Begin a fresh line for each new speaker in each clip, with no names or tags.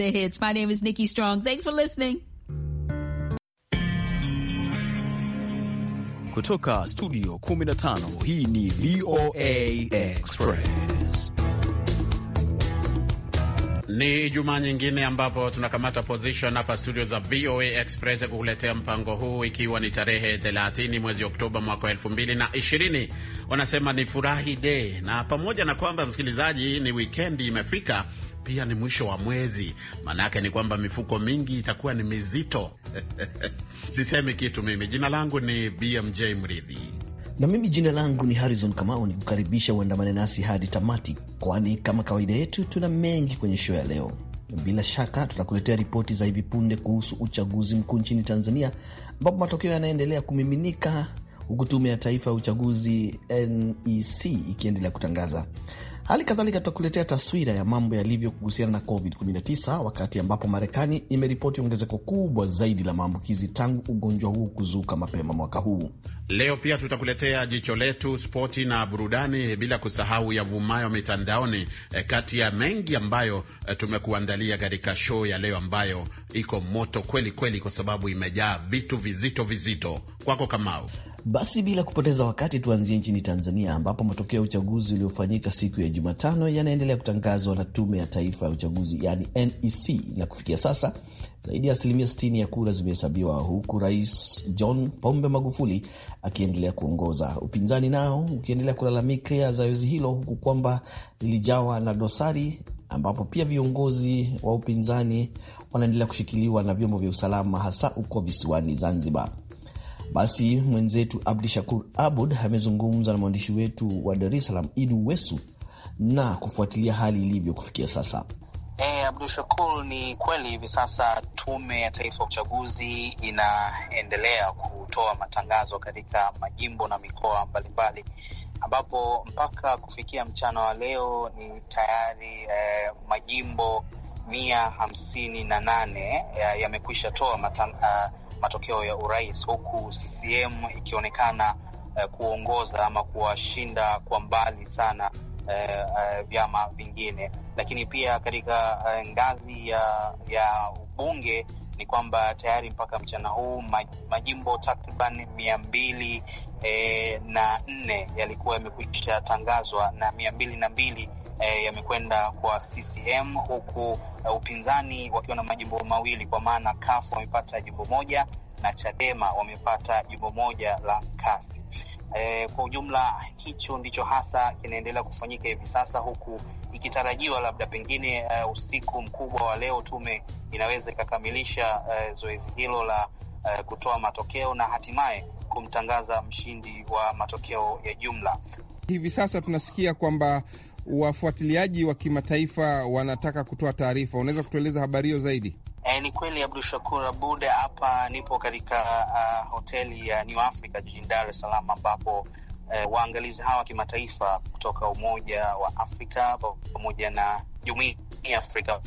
the hits. My name is Nikki Strong. Thanks for listening.
Kutoka studio 15 hii ni VOA Express. Ni juma nyingine ambapo tunakamata position hapa studio za VOA Express kukuletea mpango huu, ikiwa ni tarehe 30 mwezi Oktoba mwaka 2020. Wanasema ni furahi day, na pamoja na kwamba msikilizaji, ni wikendi imefika pia ni mwisho wa mwezi, maanake ni kwamba mifuko mingi itakuwa ni mizito. Sisemi kitu mimi. Jina langu ni BMJ Mridhi
na mimi jina langu ni Harrison Kamau, ni kukaribisha uandamane nasi hadi tamati, kwani kama kawaida yetu tuna mengi kwenye show ya leo. Bila shaka tutakuletea ripoti za hivi punde kuhusu uchaguzi mkuu nchini Tanzania, ambapo matokeo yanaendelea kumiminika huku Tume ya Taifa ya Uchaguzi NEC ikiendelea kutangaza. Hali kadhalika tutakuletea taswira ya mambo yalivyo kuhusiana na COVID-19 wakati ambapo Marekani imeripoti ongezeko kubwa zaidi la maambukizi tangu ugonjwa huu kuzuka
mapema mwaka huu. Leo pia tutakuletea jicho letu, spoti na burudani, bila kusahau yavumayo mitandaoni, eh, kati ya mengi ambayo eh, tumekuandalia katika show ya leo ambayo iko moto kweli kweli, kwa sababu imejaa vitu vizito vizito kwako Kamau.
Basi bila kupoteza wakati tuanzie nchini Tanzania ambapo matokeo ya uchaguzi uliofanyika siku ya Jumatano yanaendelea kutangazwa na Tume ya Taifa ya Uchaguzi yani NEC, na kufikia sasa zaidi ya asilimia 60 ya kura zimehesabiwa, huku Rais John Pombe Magufuli akiendelea kuongoza, upinzani nao ukiendelea kulalamika zoezi hilo, huku kwamba lilijawa na dosari, ambapo pia viongozi wa upinzani wanaendelea kushikiliwa na vyombo vya usalama, hasa uko visiwani Zanzibar. Basi mwenzetu Abdi Shakur Abud amezungumza na mwandishi wetu wa Dar es Salaam Idu Wesu na kufuatilia hali ilivyo kufikia sasa.
Hey, Abdu Shakur, ni kweli hivi sasa Tume ya Taifa ya Uchaguzi inaendelea kutoa matangazo katika majimbo na mikoa mbalimbali ambapo mpaka kufikia mchana wa leo ni tayari eh, majimbo mia hamsini na nane e, yamekwisha toa matang, matokeo ya urais, huku CCM ikionekana uh, kuongoza ama kuwashinda kwa mbali sana uh, uh, vyama vingine. Lakini pia katika uh, ngazi ya, ya ubunge ni kwamba tayari mpaka mchana huu majimbo takriban mia mbili eh, na nne yalikuwa yamekwisha tangazwa na mia mbili na mbili eh, yamekwenda kwa CCM huku uh, upinzani wakiwa na majimbo mawili, kwa maana CUF wamepata jimbo moja na Chadema wamepata jimbo moja la kasi. E, kwa ujumla hicho ndicho hasa kinaendelea kufanyika hivi sasa, huku ikitarajiwa labda pengine uh, usiku mkubwa wa leo tume inaweza ikakamilisha uh, zoezi hilo la uh, kutoa matokeo na hatimaye kumtangaza mshindi wa matokeo ya jumla.
Hivi sasa tunasikia kwamba wafuatiliaji wa kimataifa wanataka kutoa taarifa. Unaweza kutueleza habari hiyo zaidi?
E, ni kweli Abdu Shakur Abud, hapa nipo katika uh, hoteli ya uh, New Africa jijini Dar es Salaam ambapo uh, waangalizi hawa kimataifa kutoka Umoja wa Afrika pamoja na jumuia Afrika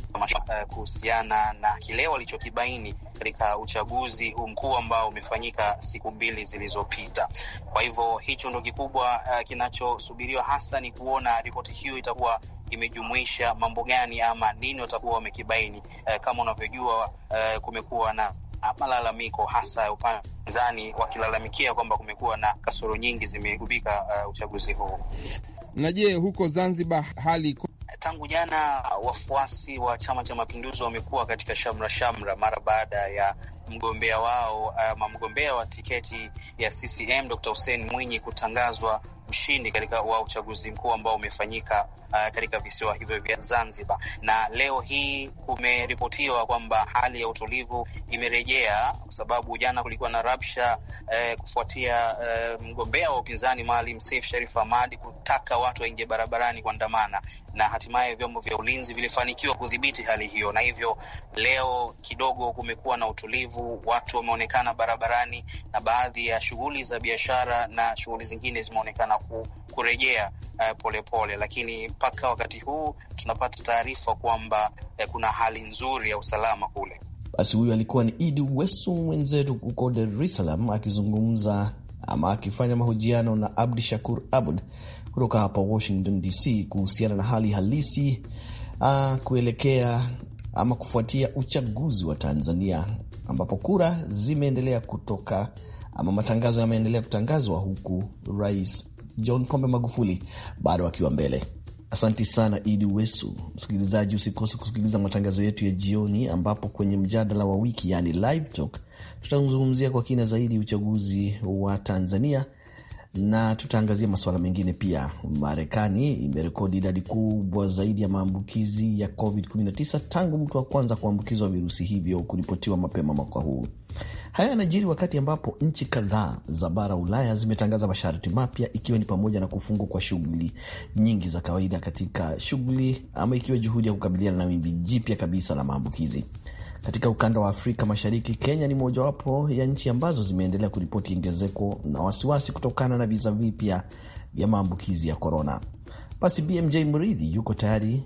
eh, kuhusiana na kile walichokibaini katika uchaguzi huu mkuu ambao umefanyika siku mbili zilizopita. Kwa hivyo hicho ndo kikubwa uh, kinachosubiriwa hasa ni kuona ripoti hiyo itakuwa imejumuisha mambo gani ama nini watakuwa wamekibaini. Uh, kama unavyojua uh, kumekuwa na malalamiko hasa upinzani wakilalamikia kwamba kumekuwa na kasoro nyingi zimegubika uh, uchaguzi huu.
Na je, huko Zanzibar hali
tangu jana wafuasi wa Chama cha Mapinduzi wamekuwa katika shamra shamra mara baada ya mgombea wao ama mgombea wa tiketi ya CCM Dr. Hussein Mwinyi kutangazwa ushindi katika wa uchaguzi mkuu ambao umefanyika uh, katika visiwa hivyo vya Zanzibar. Na leo hii kumeripotiwa kwamba hali ya utulivu imerejea, kwa sababu jana kulikuwa na rabsha eh, kufuatia eh, mgombea wa upinzani Maalim Seif Sharif Hamad kutaka watu waingie barabarani kuandamana, na hatimaye vyombo vya ulinzi vilifanikiwa kudhibiti hali hiyo, na hivyo leo kidogo kumekuwa na utulivu, watu wameonekana barabarani na baadhi ya shughuli za biashara na shughuli zingine zimeonekana ku, kurejea polepole eh, uh, pole. Lakini mpaka wakati huu tunapata taarifa kwamba uh, kuna hali nzuri ya usalama kule.
Basi huyu alikuwa ni Idi Wesu mwenzetu huko Dar es Salaam akizungumza ama akifanya mahojiano na Abdi Shakur Abud kutoka hapa Washington DC kuhusiana na hali halisi uh, kuelekea ama kufuatia uchaguzi wa Tanzania ambapo kura zimeendelea kutoka ama matangazo yameendelea kutangazwa huku rais John Pombe Magufuli bado akiwa mbele. Asanti sana Idi Wesu. Msikilizaji, usikose kusikiliza matangazo yetu ya jioni, ambapo kwenye mjadala wa wiki, yani live talk, tutazungumzia kwa kina zaidi uchaguzi wa Tanzania na tutaangazia masuala mengine pia. Marekani imerekodi idadi kubwa zaidi ya maambukizi ya COVID-19 tangu mtu wa kwanza kuambukizwa virusi hivyo kuripotiwa mapema mwaka huu. Haya yanajiri wakati ambapo nchi kadhaa za bara Ulaya zimetangaza masharti mapya, ikiwa ni pamoja na kufungwa kwa shughuli nyingi za kawaida katika shughuli ama, ikiwa juhudi ya kukabiliana na wimbi jipya kabisa la maambukizi. Katika ukanda wa Afrika Mashariki, Kenya ni mojawapo ya nchi ambazo zimeendelea kuripoti ongezeko na wasiwasi kutokana na visa vipya vya maambukizi ya korona. Basi BMJ Mridhi yuko tayari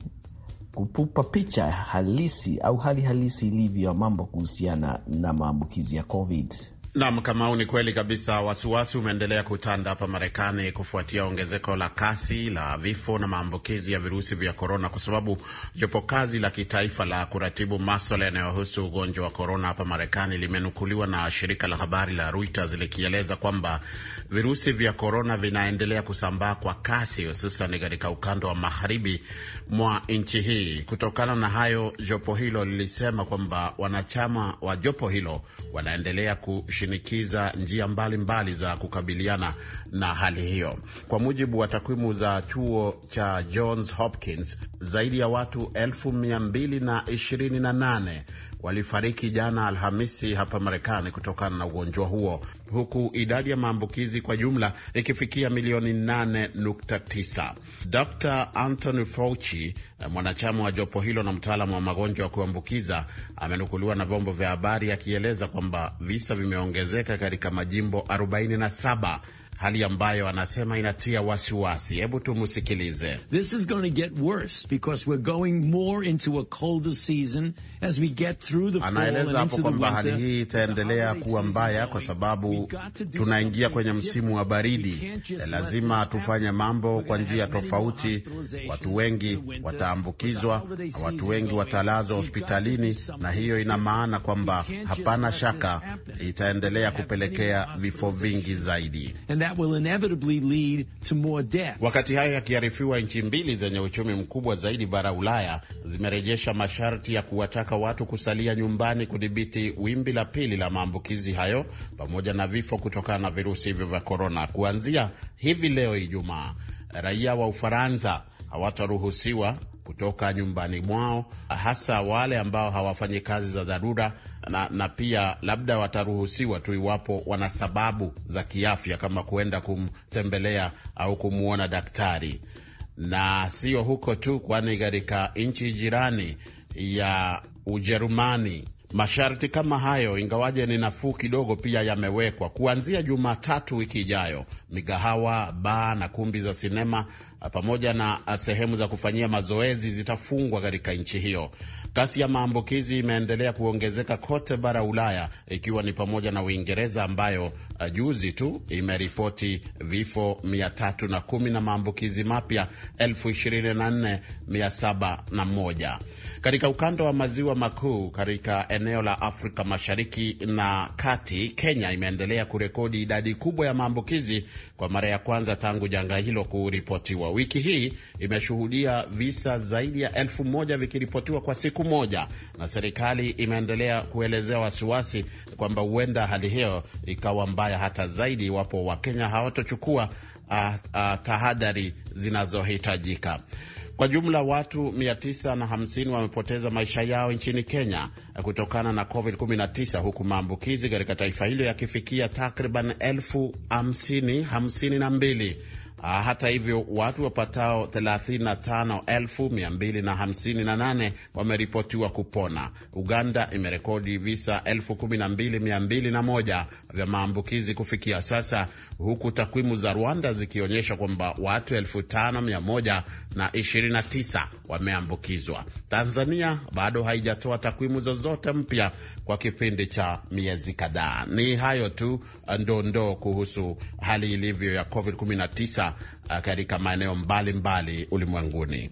kupupa picha halisi au hali halisi ilivyo ya mambo kuhusiana na maambukizi ya COVID.
Naam, Kamau, ni kweli kabisa. Wasiwasi umeendelea kutanda hapa Marekani kufuatia ongezeko la kasi la vifo na maambukizi ya virusi vya korona, kwa sababu jopo kazi la kitaifa la kuratibu maswala yanayohusu ugonjwa wa korona hapa Marekani limenukuliwa na shirika la habari la Reuters likieleza kwamba virusi vya korona vinaendelea kusambaa kwa kasi, hususan katika ukanda wa magharibi mwa nchi hii. Kutokana na hayo, jopo hilo lilisema kwamba wanachama wa jopo hilo wanaendelea ku kushinikiza njia mbalimbali mbali za kukabiliana na hali hiyo. Kwa mujibu wa takwimu za chuo cha Johns Hopkins, zaidi ya watu 228 walifariki jana Alhamisi hapa Marekani kutokana na ugonjwa huo huku idadi ya maambukizi kwa jumla ikifikia milioni 8.9. Dr Anthony Fauci, eh, mwanachama wa jopo hilo na mtaalamu wa magonjwa ya kuambukiza, amenukuliwa na vyombo vya habari akieleza kwamba visa vimeongezeka katika majimbo 47 hali ambayo anasema inatia wasiwasi. Hebu tumsikilize.
This is going to get worse because we're going more into a colder season as
we get through the fall. Anaeleza hapo kwamba hali hii itaendelea kuwa mbaya kwa sababu tunaingia kwenye msimu wa baridi. Eh, lazima tufanye mambo kwa njia tofauti. Watu wengi wataambukizwa watu wengi watalazwa hospitalini, na hiyo ina maana kwamba hapana shaka itaendelea kupelekea vifo vingi zaidi.
And that will inevitably lead to more deaths.
Wakati hayo yakiarifiwa, nchi mbili zenye uchumi mkubwa zaidi bara Ulaya zimerejesha masharti ya kuwataka watu kusalia nyumbani kudhibiti wimbi la pili la maambukizi hayo pamoja na vifo kutokana na virusi hivyo vya korona. Kuanzia hivi leo Ijumaa, raia wa Ufaransa hawataruhusiwa kutoka nyumbani mwao, hasa wale ambao hawafanyi kazi za dharura na, na pia labda wataruhusiwa tu iwapo wana sababu za kiafya kama kuenda kumtembelea au kumwona daktari. Na sio huko tu, kwani katika nchi jirani ya Ujerumani masharti kama hayo, ingawaje ni nafuu kidogo, pia yamewekwa. Kuanzia Jumatatu wiki ijayo, migahawa, baa na kumbi za sinema Eh, pamoja na eh, sehemu za kufanyia mazoezi zitafungwa katika nchi hiyo. Kasi ya maambukizi imeendelea kuongezeka kote bara Ulaya, ikiwa ni pamoja na Uingereza ambayo eh, juzi tu imeripoti vifo 310 na maambukizi mapya 24701. Katika ukanda wa maziwa makuu, katika eneo la Afrika mashariki na kati, Kenya imeendelea kurekodi idadi kubwa ya maambukizi kwa mara ya kwanza tangu janga hilo kuripotiwa wiki hii imeshuhudia visa zaidi ya elfu moja vikiripotiwa kwa siku moja, na serikali imeendelea kuelezea wasiwasi kwamba huenda hali hiyo ikawa mbaya hata zaidi iwapo Wakenya hawatochukua tahadhari zinazohitajika. Kwa jumla watu 950 wamepoteza maisha yao nchini Kenya kutokana na COVID-19 huku maambukizi katika taifa hilo yakifikia takriban elfu hamsini hamsini na mbili. Ah, hata hivyo watu wapatao 35,258 wameripotiwa kupona. Uganda imerekodi visa 12,201 vya maambukizi kufikia sasa, huku takwimu za Rwanda zikionyesha kwamba watu 5,129 wameambukizwa. Tanzania bado haijatoa takwimu zozote mpya kwa kipindi cha miezi kadhaa. Ni hayo tu ah, ndondoo kuhusu hali ilivyo ya COVID-19 Eh, katika maeneo mbalimbali ulimwenguni.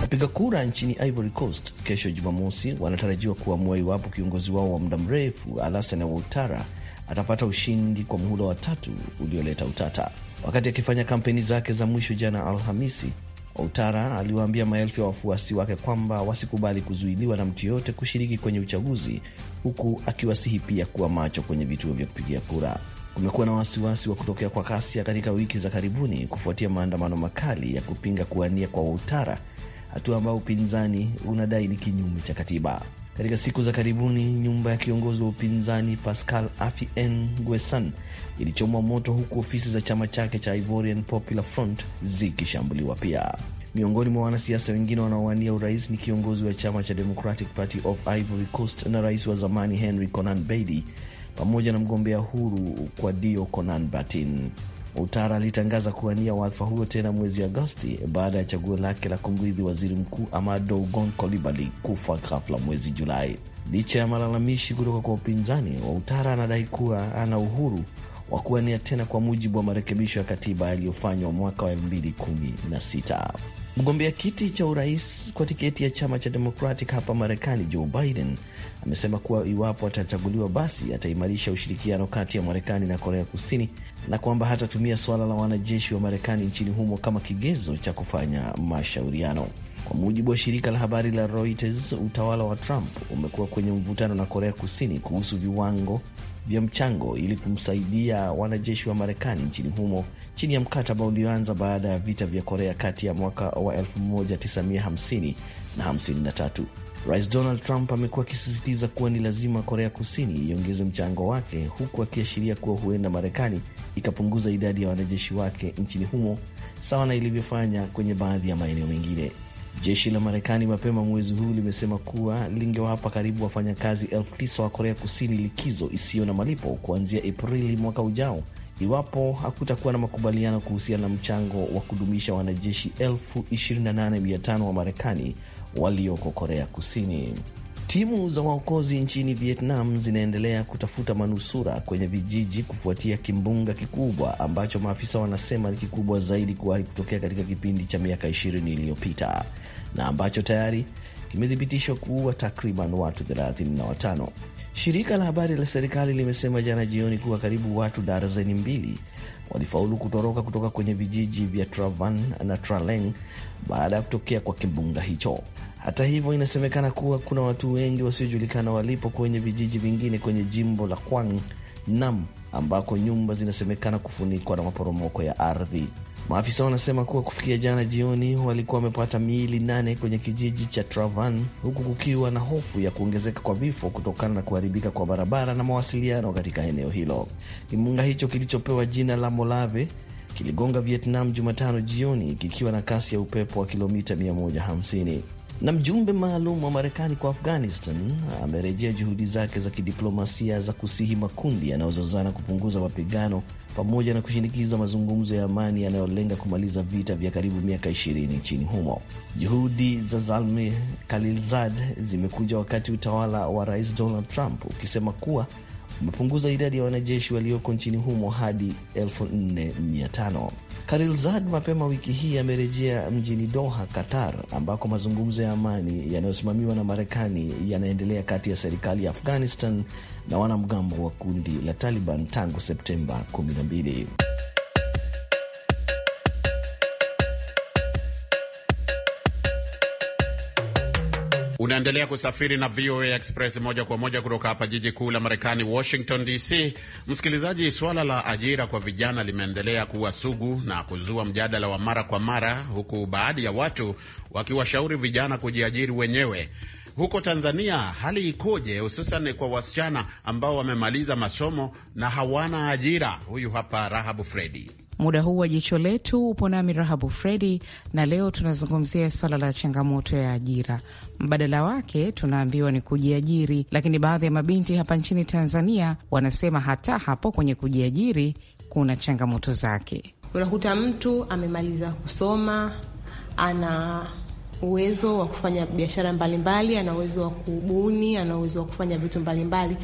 Wapiga kura nchini Ivory Coast kesho Jumamosi wanatarajiwa kuamua iwapo kiongozi wao wa muda mrefu Alassane Ouattara atapata ushindi kwa muhula wa tatu ulioleta utata. Wakati akifanya kampeni zake za mwisho jana Alhamisi, Outara aliwaambia maelfu ya wafuasi wake kwamba wasikubali kuzuiliwa na mtu yoyote kushiriki kwenye uchaguzi, huku akiwasihi pia kuwa macho kwenye vituo vya kupigia kura. Kumekuwa na wasiwasi wa kutokea kwa ghasia katika wiki za karibuni kufuatia maandamano makali ya kupinga kuwania kwa Outara, hatua ambayo upinzani unadai ni kinyume cha katiba. Katika siku za karibuni nyumba ya kiongozi wa upinzani Pascal Afien guesan ilichomwa moto huku ofisi za chama chake cha Ivorian Popular Front zikishambuliwa pia. Miongoni mwa wanasiasa wengine wanaowania urais ni kiongozi wa chama cha Democratic Party of Ivory Coast na rais wa zamani Henry Konan Bedie pamoja na mgombea huru kwa dio Konan Batin. Utara alitangaza kuwania wadhifa huo tena mwezi Agosti baada ya chaguo lake la kumrithi waziri mkuu Amado Gon Coulibaly kufa ghafla mwezi Julai. Licha ya malalamishi kutoka kwa upinzani, Wautara anadai kuwa ana uhuru wa kuwania tena kwa mujibu wa marekebisho ya katiba yaliyofanywa mwaka wa 2016. Mgombea kiti cha urais kwa tiketi ya chama cha Democratic hapa Marekani, Joe Biden amesema kuwa iwapo atachaguliwa, basi ataimarisha ushirikiano kati ya Marekani na Korea Kusini na kwamba hatatumia suala la wanajeshi wa Marekani nchini humo kama kigezo cha kufanya mashauriano. Kwa mujibu wa shirika la habari la Reuters, utawala wa Trump umekuwa kwenye mvutano na Korea Kusini kuhusu viwango vya mchango ili kumsaidia wanajeshi wa Marekani nchini humo chini ya mkataba ulioanza baada ya vita vya Korea kati ya mwaka wa 1950 na 53. Rais Donald Trump amekuwa akisisitiza kuwa ni lazima Korea Kusini iongeze mchango wake, huku akiashiria kuwa huenda Marekani ikapunguza idadi ya wanajeshi wake nchini humo sawa na ilivyofanya kwenye baadhi ya maeneo mengine. Jeshi la Marekani mapema mwezi huu limesema kuwa lingewapa karibu wafanyakazi elfu tisa wa Korea Kusini likizo isiyo na malipo kuanzia Aprili mwaka ujao iwapo hakutakuwa na makubaliano kuhusiana na mchango wa kudumisha wanajeshi elfu wa Marekani walioko Korea Kusini. Timu za waokozi nchini Vietnam zinaendelea kutafuta manusura kwenye vijiji kufuatia kimbunga kikubwa ambacho maafisa wanasema ni kikubwa zaidi kuwahi kutokea katika kipindi cha miaka 20 iliyopita na ambacho tayari kimethibitishwa kuua takriban watu 35. Shirika la habari la serikali limesema jana jioni kuwa karibu watu darazeni mbili walifaulu kutoroka kutoka kwenye vijiji vya Travan na Traleng baada ya kutokea kwa kimbunga hicho. Hata hivyo, inasemekana kuwa kuna watu wengi wasiojulikana walipo kwenye vijiji vingine kwenye jimbo la Kwang Nam ambako nyumba zinasemekana kufunikwa na maporomoko ya ardhi. Maafisa wanasema kuwa kufikia jana jioni walikuwa wamepata miili nane kwenye kijiji cha Travan, huku kukiwa na hofu ya kuongezeka kwa vifo kutokana na kuharibika kwa barabara na mawasiliano katika eneo hilo. Kimbunga hicho kilichopewa jina la Molave kiligonga Vietnam Jumatano jioni kikiwa na kasi ya upepo wa kilomita 150. Na mjumbe maalum wa Marekani kwa Afghanistan amerejea juhudi zake za kidiplomasia za kusihi makundi yanayozozana kupunguza mapigano pamoja na kushinikiza mazungumzo ya amani yanayolenga kumaliza vita vya karibu miaka 20 nchini humo. Juhudi za Zalmi Khalilzad zimekuja wakati utawala wa Rais Donald Trump ukisema kuwa umepunguza idadi ya wanajeshi walioko nchini humo hadi 4500. Zad mapema wiki hii amerejea mjini Doha, Qatar, ambako mazungumzo ya amani yanayosimamiwa na Marekani yanaendelea kati ya serikali ya Afghanistan na wanamgambo wa kundi la Taliban tangu Septemba 12.
Unaendelea kusafiri na VOA Express moja kwa moja kutoka hapa jiji kuu la Marekani, Washington DC. Msikilizaji, suala la ajira kwa vijana limeendelea kuwa sugu na kuzua mjadala wa mara kwa mara, huku baadhi ya watu wakiwashauri vijana kujiajiri wenyewe. Huko Tanzania hali ikoje, hususan kwa wasichana ambao wamemaliza masomo na hawana ajira? Huyu hapa Rahabu Fredi.
Muda huu wa jicho letu upo nami Rahabu Fredi, na leo tunazungumzia swala la changamoto ya ajira. Mbadala wake tunaambiwa ni kujiajiri, lakini baadhi ya mabinti hapa nchini Tanzania wanasema hata hapo kwenye kujiajiri kuna changamoto zake.
Unakuta mtu amemaliza kusoma ana uwezo wa kufanya biashara mbalimbali, ana uwezo wa kubuni, ana uwezo wa kufanya vitu mbalimbali,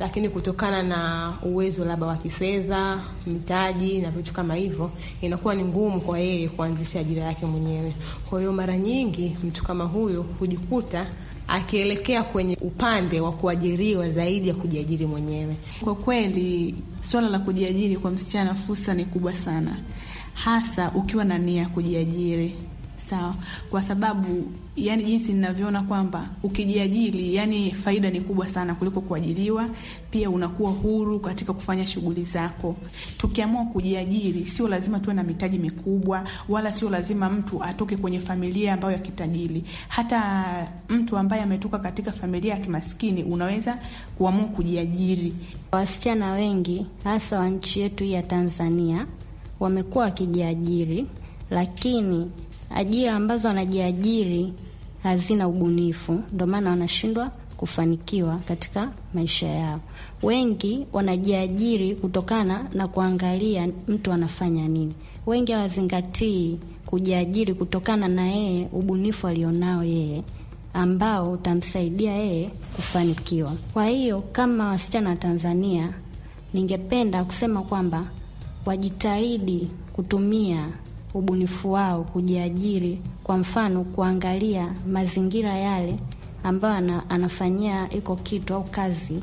lakini kutokana na uwezo labda wa kifedha, mitaji na vitu kama hivyo, inakuwa ni ngumu kwa yeye kuanzisha ajira yake mwenyewe. Kwa hiyo mara nyingi mtu kama huyo hujikuta akielekea kwenye upande wa kuajiriwa zaidi ya kujiajiri mwenyewe. Kwa kweli, swala la kujiajiri kwa msichana, fursa ni kubwa sana, hasa ukiwa na nia ya kujiajiri sawa, kwa sababu yani jinsi ninavyoona kwamba ukijiajiri, yani faida ni kubwa sana kuliko kuajiriwa. Pia unakuwa huru katika kufanya shughuli zako. Tukiamua kujiajiri, sio lazima tuwe na mitaji mikubwa, wala sio lazima mtu atoke kwenye familia ambayo ya kitajiri. Hata mtu ambaye ametoka katika familia ya kimaskini unaweza kuamua kujiajiri. Wasichana wengi hasa wa nchi yetu hii ya Tanzania wamekuwa wakijiajiri, lakini ajira ambazo wanajiajiri hazina ubunifu, ndio maana wanashindwa kufanikiwa katika maisha yao. Wengi wanajiajiri kutokana na kuangalia mtu anafanya nini. Wengi hawazingatii kujiajiri kutokana na yeye ubunifu alionao yeye ambao utamsaidia yeye kufanikiwa. Kwa hiyo kama wasichana wa Tanzania, ningependa kusema kwamba wajitahidi kutumia ubunifu wao, kujiajiri. Kwa mfano, kuangalia mazingira yale ambayo anafanyia iko kitu au kazi,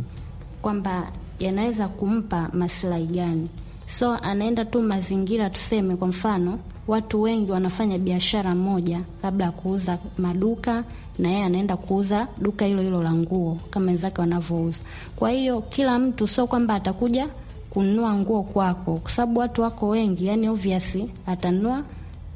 kwamba yanaweza kumpa masilahi gani. So anaenda tu mazingira, tuseme kwa mfano, watu wengi wanafanya biashara moja, labda ya kuuza maduka, na yeye anaenda kuuza duka hilo hilo la nguo kama wenzake wanavyouza. Kwa hiyo kila mtu sio kwamba atakuja kununua nguo kwako, kwa sababu watu wako wengi, yani obvious atanua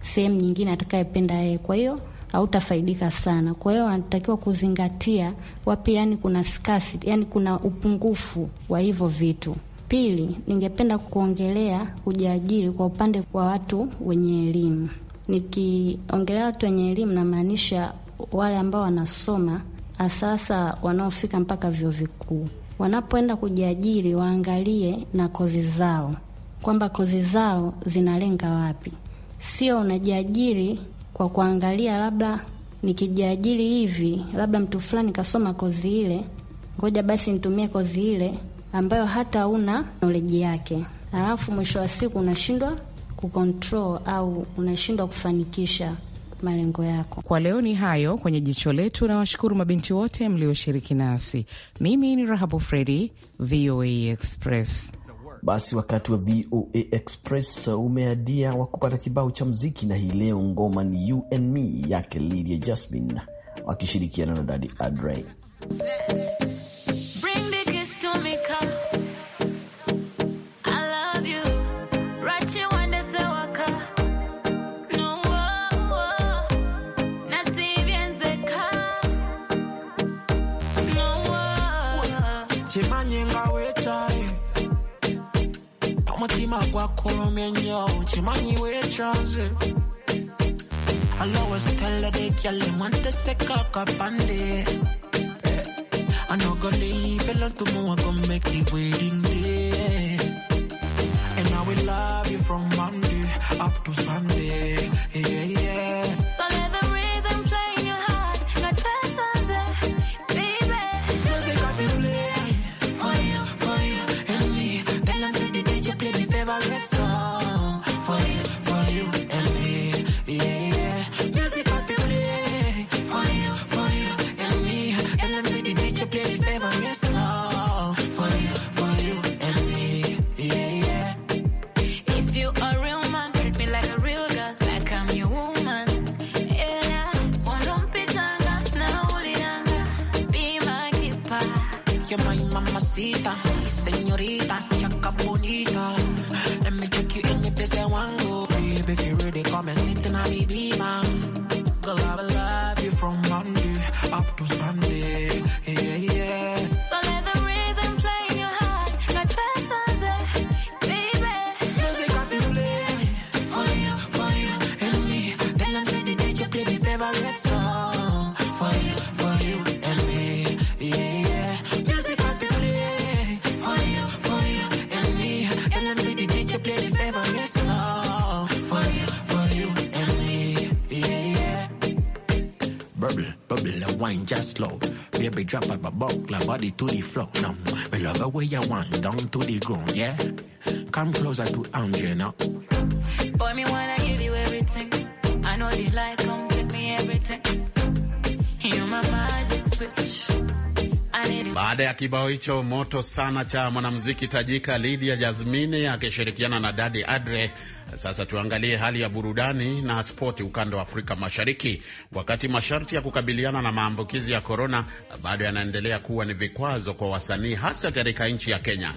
sehemu nyingine atakayependa yeye, kwa hiyo hautafaidika sana. Kwa hiyo anatakiwa kuzingatia wapi, yani kuna scarcity, yani kuna upungufu wa hivyo vitu. Pili, ningependa kuongelea kujiajiri kwa upande wa watu wenye elimu. Nikiongelea watu wenye elimu, namaanisha wale ambao wanasoma asasa wanaofika mpaka vyuo vikuu wanapoenda kujiajiri waangalie na kozi zao, kwamba kozi zao zinalenga wapi. Sio unajiajiri kwa kuangalia, labda nikijiajiri hivi, labda mtu fulani kasoma kozi ile, ngoja basi nitumie kozi ile ambayo hata una noleji yake, alafu mwisho wa siku unashindwa kukontrol au unashindwa kufanikisha malengo yako.
Kwa leo ni hayo kwenye jicho letu, na washukuru mabinti wote
mlioshiriki nasi. Mimi ni Rahabu Fredi, VOA Express. Basi wakati wa VOA Express uh, umeadia wa kupata kibao cha mziki, na hii leo ngoma ni You and Me yake Lydia Jasmine wakishirikiana na Daddy Let's...
mutima gwakulumye ennyo kimanyi weecanze alowesitellerekyale mwanteseka akapande And I will love you from Monday up to Sunday. Yeah, yeah. wine, just slow. Baby, drop up a buck, like body to the floor. now. we love the way you wine down to the ground, yeah. Come closer to Angie now.
Boy, me wanna give you everything. I know you like, come give me everything. You are my magic switch.
Baada ya kibao hicho moto sana cha mwanamuziki tajika Lydia Jasmine akishirikiana na Daddy Adre, sasa tuangalie hali ya burudani na spoti ukanda wa Afrika Mashariki. Wakati masharti ya kukabiliana na maambukizi ya korona bado yanaendelea kuwa ni vikwazo kwa wasanii, hasa katika nchi ya Kenya.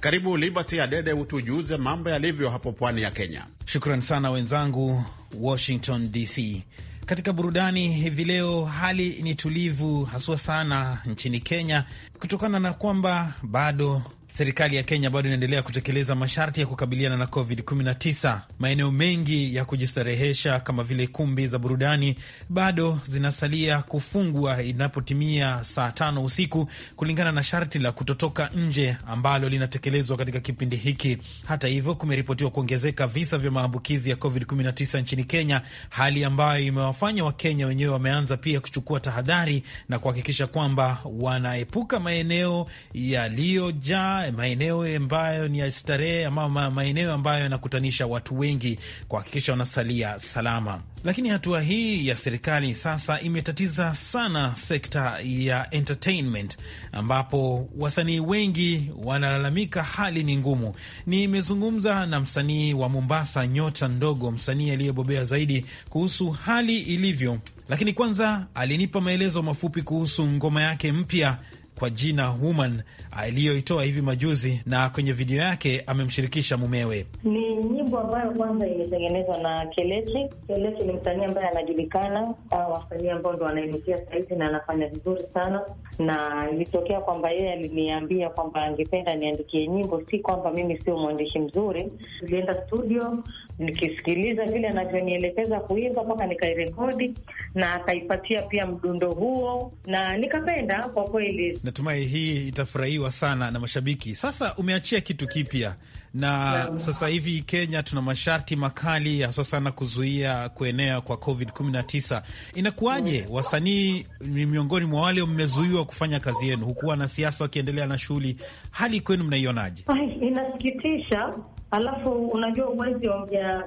Karibu Liberty Adede, utujuze mambo yalivyo hapo pwani ya Kenya.
Shukran sana wenzangu Washington DC. Katika burudani hivi leo, hali ni tulivu haswa sana nchini Kenya kutokana na kwamba bado Serikali ya Kenya bado inaendelea kutekeleza masharti ya kukabiliana na COVID-19. Maeneo mengi ya kujistarehesha kama vile kumbi za burudani bado zinasalia kufungwa inapotimia saa tano usiku kulingana na sharti la kutotoka nje ambalo linatekelezwa katika kipindi hiki. Hata hivyo, kumeripotiwa kuongezeka visa vya maambukizi ya COVID-19 nchini Kenya, hali ambayo imewafanya Wakenya wenyewe wameanza pia kuchukua tahadhari na kuhakikisha kwamba wanaepuka maeneo yaliyojaa maeneo ambayo ni ya starehe ama maeneo ambayo yanakutanisha watu wengi kuhakikisha wanasalia salama. Lakini hatua hii ya serikali sasa imetatiza sana sekta ya entertainment, ambapo wasanii wengi wanalalamika hali ni ngumu. Nimezungumza na msanii wa Mombasa, Nyota Ndogo, msanii aliyebobea zaidi kuhusu hali ilivyo, lakini kwanza alinipa maelezo mafupi kuhusu ngoma yake mpya kwa jina Woman ah, aliyoitoa hivi majuzi, na kwenye video yake amemshirikisha mumewe. Ni
nyimbo ambayo kwanza imetengenezwa na Kelechi. Kelechi ni msanii ambaye anajulikana, ah, wasanii ambao ndo wanainukia sahizi na anafanya vizuri sana, na ilitokea kwamba yeye aliniambia kwamba angependa niandikie nyimbo, si kwamba mimi sio mwandishi mzuri. Tulienda studio nikisikiliza vile anavyonielekeza kuimba mpaka nikairekodi na akaipatia pia mdundo huo na nikapenda kwa
kweli. Natumai hii itafurahiwa sana na mashabiki. Sasa umeachia kitu kipya na yeah. Sasa hivi Kenya tuna masharti makali haswa sana kuzuia kuenea kwa Covid 19. Inakuwaje? mm. Wasanii ni miongoni mwa wale mmezuiwa kufanya kazi yenu, huku wanasiasa wakiendelea na shughuli. Hali kwenu mnaionaje?
Inasikitisha Alafu unajua uwezi ongea,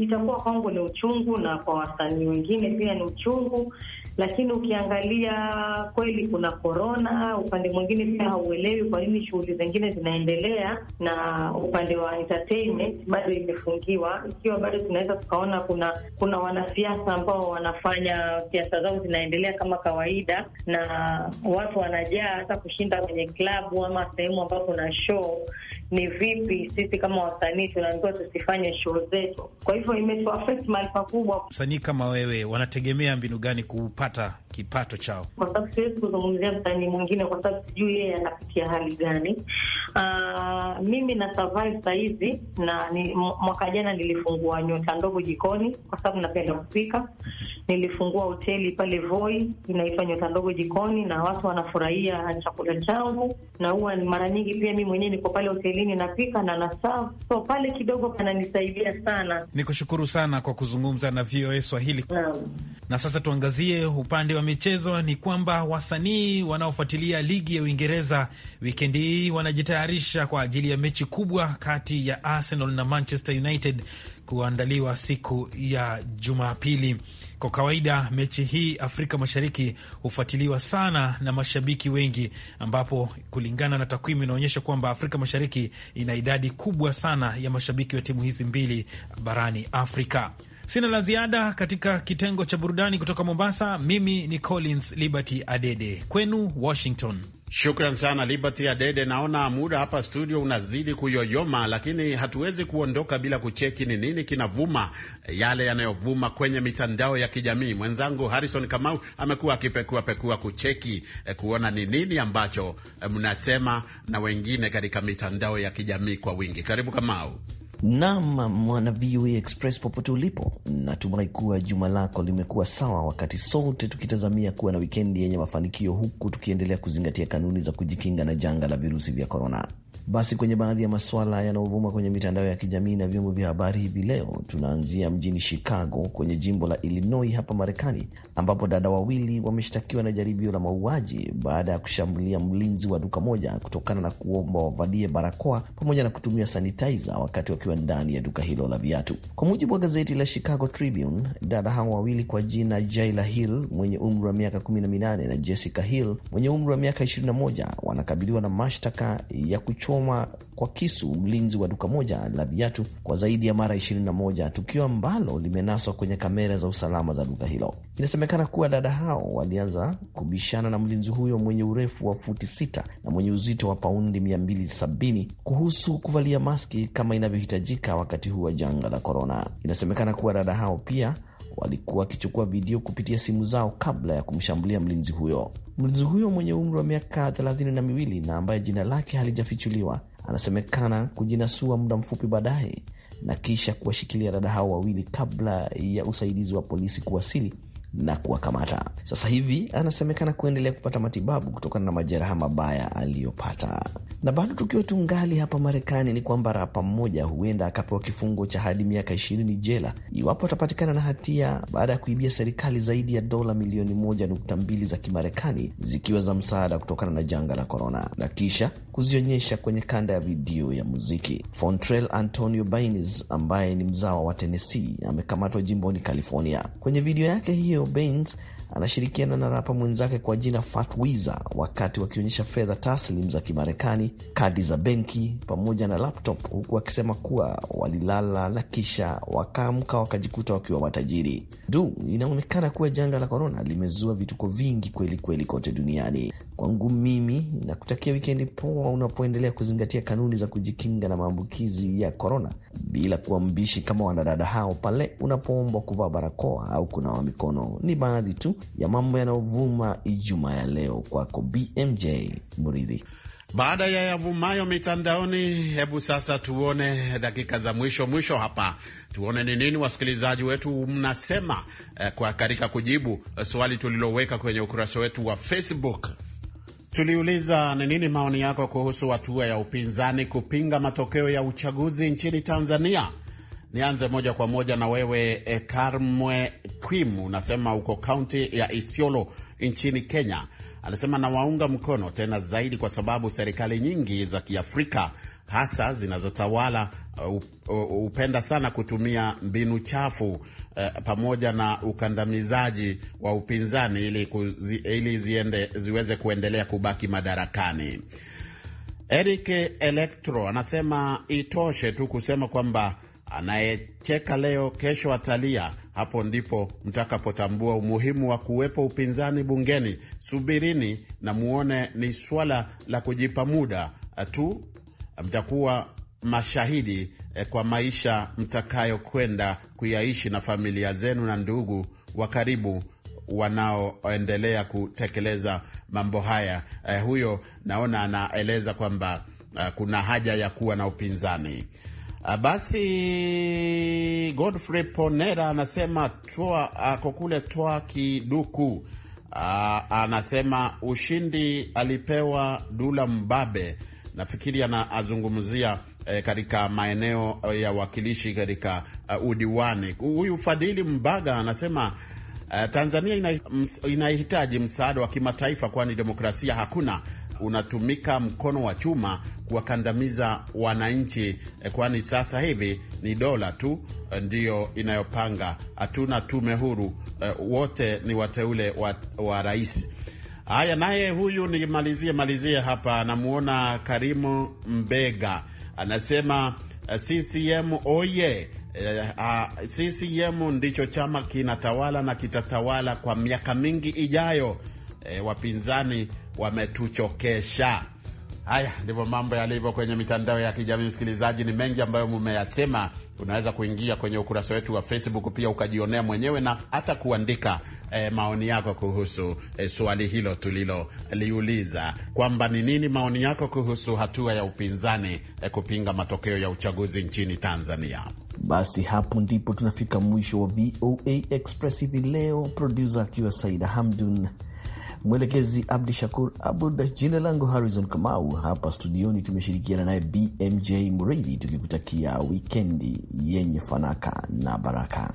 itakuwa kwangu ni uchungu na kwa wasanii wengine pia ni uchungu, lakini ukiangalia kweli kuna korona, upande mwingine pia hauelewi kwa nini shughuli zingine zinaendelea, na upande wa entertainment bado imefungiwa, ikiwa bado tunaweza tukaona kuna kuna wanasiasa ambao wanafanya siasa zao zinaendelea kama kawaida, na watu wanajaa hata kushinda kwenye klabu ama sehemu ambapo kuna show ni vipi sisi kama wasanii tunaambiwa tusifanye show zetu. Kwa hivyo imetuaffect mahali pakubwa.
Msanii kama wewe, wanategemea mbinu gani kupata kipato chao?
Kwa sababu siwezi kuzungumzia msanii mwingine, kwa sababu sijui yeye anapitia hali gani. Uh, mimi na survive sahizi, na ni mwaka jana nilifungua nyota ndogo jikoni, kwa sababu napenda kupika. Nilifungua hoteli pale Voi, inaitwa nyota ndogo jikoni, na watu wanafurahia chakula changu, na huwa mara nyingi pia mi mwenyewe niko pale hoteli nini napika na nasafu, so pale kidogo kananisaidia sana.
Ni kushukuru sana kwa kuzungumza na VOA Swahili na, na sasa tuangazie upande wa michezo. Ni kwamba wasanii wanaofuatilia ligi ya Uingereza wikendi hii wanajitayarisha kwa ajili ya mechi kubwa kati ya Arsenal na Manchester United kuandaliwa siku ya Jumapili. Kwa kawaida mechi hii Afrika Mashariki hufuatiliwa sana na mashabiki wengi, ambapo kulingana na takwimu inaonyesha kwamba Afrika Mashariki ina idadi kubwa sana ya mashabiki wa timu hizi mbili barani Afrika. Sina la ziada katika kitengo cha burudani kutoka Mombasa. Mimi ni Collins Liberty Adede, kwenu
Washington. Shukran sana Liberty Adede. Naona muda hapa studio unazidi kuyoyoma, lakini hatuwezi kuondoka bila kucheki ni nini kinavuma, yale yanayovuma kwenye mitandao ya kijamii. Mwenzangu Harrison Kamau amekuwa akipekua pekua kucheki eh, kuona ni nini ambacho eh, mnasema na wengine katika mitandao ya kijamii kwa wingi. Karibu Kamau.
Nam mwana VOA Express, popote ulipo, natumai kuwa juma lako limekuwa sawa, wakati sote tukitazamia kuwa na wikendi yenye mafanikio, huku tukiendelea kuzingatia kanuni za kujikinga na janga la virusi vya korona. Basi kwenye baadhi ya maswala yanayovuma kwenye mitandao ya kijamii na vyombo vya habari hivi leo, tunaanzia mjini Chicago kwenye jimbo la Illinois hapa Marekani, ambapo dada wawili wameshtakiwa na jaribio la mauaji baada ya kushambulia mlinzi wa duka moja kutokana na kuomba wavalie barakoa pamoja na kutumia sanitiza wakati wakiwa ndani ya duka hilo la viatu. Kwa mujibu wa gazeti la Chicago Tribune, dada hao wawili kwa jina Jaila Hill mwenye umri wa miaka 18 na Jessica Hill mwenye umri wa miaka 21 wanakabiliwa na mashtaka ya kuchoma kuchoma kwa kisu mlinzi wa duka moja la viatu kwa zaidi ya mara 21, tukio ambalo limenaswa kwenye kamera za usalama za duka hilo. Inasemekana kuwa dada hao walianza kubishana na mlinzi huyo mwenye urefu wa futi 6 na mwenye uzito wa paundi 270 kuhusu kuvalia maski kama inavyohitajika wakati huu wa janga la korona. Inasemekana kuwa dada hao pia walikuwa wakichukua video kupitia simu zao kabla ya kumshambulia mlinzi huyo. Mlinzi huyo mwenye umri wa miaka thelathini na miwili na ambaye jina lake halijafichuliwa anasemekana kujinasua muda mfupi baadaye na kisha kuwashikilia dada hao wawili kabla ya usaidizi wa polisi kuwasili na kuwakamata. Sasa hivi anasemekana kuendelea kupata matibabu kutokana na majeraha mabaya aliyopata. Na bado tukiwa tungali hapa Marekani, ni kwamba rapa mmoja huenda akapewa kifungo cha hadi miaka ishirini jela iwapo atapatikana na hatia baada ya kuibia serikali zaidi ya dola milioni moja nukta mbili za Kimarekani zikiwa za msaada kutokana na janga la korona na kisha kuzionyesha kwenye kanda ya video ya muziki. Fontrell Antonio Baines ambaye ni mzawa wa Tennessee amekamatwa jimboni California. Kwenye video yake hiyo beans anashirikiana na rapa mwenzake kwa jina Fatwiza wakati wakionyesha fedha taslim za Kimarekani, kadi za benki pamoja na laptop, huku akisema kuwa walilala na kisha wakaamka wakajikuta wakiwa matajiri. Du, inaonekana kuwa janga la korona limezua vituko vingi kweli kweli kote duniani. Kwangu mimi na kutakia wikendi poa unapoendelea kuzingatia kanuni za kujikinga na maambukizi ya korona, bila kuwa mbishi kama wanadada hao pale unapoombwa kuvaa barakoa au kunawa mikono. Ni baadhi tu ya mambo yanayovuma Ijumaa ya leo. Kwako BMJ Muridhi.
Baada ya yavumayo mitandaoni, hebu sasa tuone dakika za mwisho mwisho hapa, tuone ni nini wasikilizaji wetu mnasema eh, kwa katika kujibu eh, swali tuliloweka kwenye ukurasa wetu wa Facebook. Tuliuliza ni nini maoni yako kuhusu hatua ya upinzani kupinga matokeo ya uchaguzi nchini Tanzania. Nianze moja kwa moja na wewe eh, Karmwe Kwim, unasema uko kaunti ya Isiolo nchini Kenya. Anasema nawaunga mkono tena zaidi, kwa sababu serikali nyingi za Kiafrika hasa zinazotawala hupenda uh, sana kutumia mbinu chafu uh, pamoja na ukandamizaji wa upinzani ili, kuzi, ili ziende, ziweze kuendelea kubaki madarakani. Eric Electro anasema itoshe tu kusema kwamba anayecheka leo kesho atalia. Hapo ndipo mtakapotambua umuhimu wa kuwepo upinzani bungeni. Subirini na muone, ni swala la kujipa muda eh, tu, eh, mtakuwa mashahidi eh, kwa maisha mtakayokwenda kuyaishi na familia zenu na ndugu wa karibu wanaoendelea kutekeleza mambo haya. Eh, huyo naona anaeleza kwamba eh, kuna haja ya kuwa na upinzani. Ah, basi Godfrey Ponera anasema ah, ako kule Twa Kiduku. Ah, anasema ushindi alipewa Dula Mbabe, nafikiri anazungumzia eh, katika maeneo eh, ya wakilishi katika uh, udiwani. Huyu Fadhili Mbaga anasema uh, Tanzania inahitaji msaada wa kimataifa, kwani demokrasia hakuna unatumika mkono wa chuma kuwakandamiza wananchi, eh, kwani sasa hivi ni dola tu eh, ndiyo inayopanga. Hatuna tume huru, eh, wote ni wateule wa, wa rais. Haya, naye huyu nimalizie malizie hapa, namuona Karimu Mbega anasema CCM oye! CCM ndicho chama kinatawala na kitatawala kwa miaka mingi ijayo e, wapinzani wametuchokesha. Haya ndivyo mambo yalivyo kwenye mitandao ya kijamii msikilizaji, ni mengi ambayo mumeyasema Unaweza kuingia kwenye ukurasa wetu wa Facebook pia ukajionea mwenyewe na hata kuandika e, maoni yako kuhusu e, swali hilo tuliloliuliza kwamba ni nini maoni yako kuhusu hatua ya upinzani e, kupinga matokeo ya uchaguzi nchini Tanzania.
Basi hapo ndipo tunafika mwisho wa VOA Express hivi leo, produsa akiwa Saida Hamdun mwelekezi Abdi Shakur Abud. Jina langu Harrison Kamau, hapa studioni tumeshirikiana naye BMJ Mridhi, tukikutakia wikendi yenye fanaka na baraka.